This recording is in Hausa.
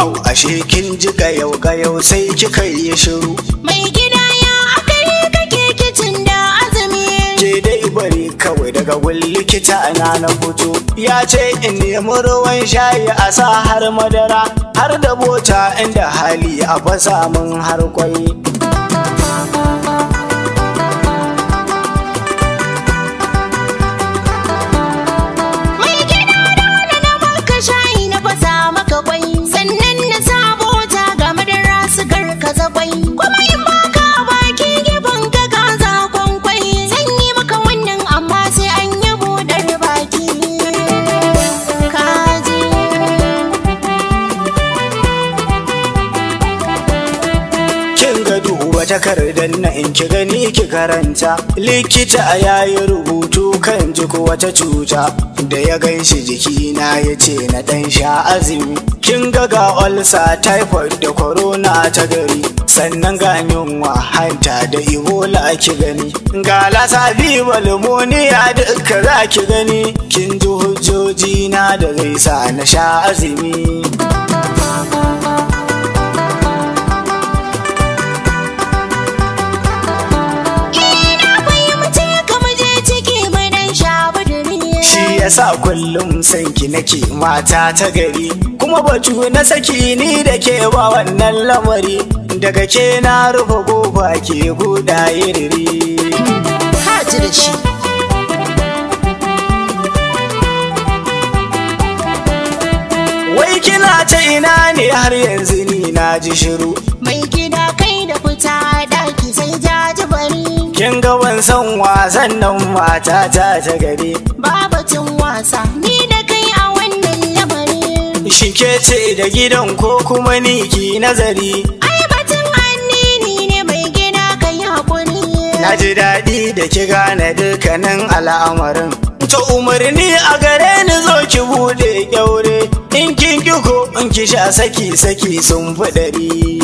Au ashe kin ji ga yau ga yau sai kika yi shiru. Mai gida ya akari kake kicin da azumi. Ke dai bari kawai daga wani likita ana na fito. Ya ce in nemi ruwan shayi a sa har madara har da bota inda hali a fasa min har kwai. takardar na in ki gani ki karanta likita ya yi rubutu kan ji wata cuta da ya ganshi jikina ya ce na dan sha azumi kin ga ga olsa typhoid da corona ta gari sannan ga yunwa hanta da ibola ki gani ga lasa biyu limoniya duka za ki gani kin ji hujjojina da zai sa na sha azumi sa kullum sanki nake mata ta gari kuma batu na saki ni da ke ba wannan lamari daga ke na rufe gofa ke guda iriri wai kina ta ina ne har yanzu ni na ji shiru mai gida ga son wasan nan mata ta ta gari babu wasa ni da kai a wannan lamarin. Shike ce da gidan ko kuma ni ki nazari ai batun annini ne mai gida kai hakuri na ji daɗi da ki gane dukkanin al'amarin ta umarni a gare ni zo ki bude kyaure in kin kiko in ki sha saki saki sun fi ɗari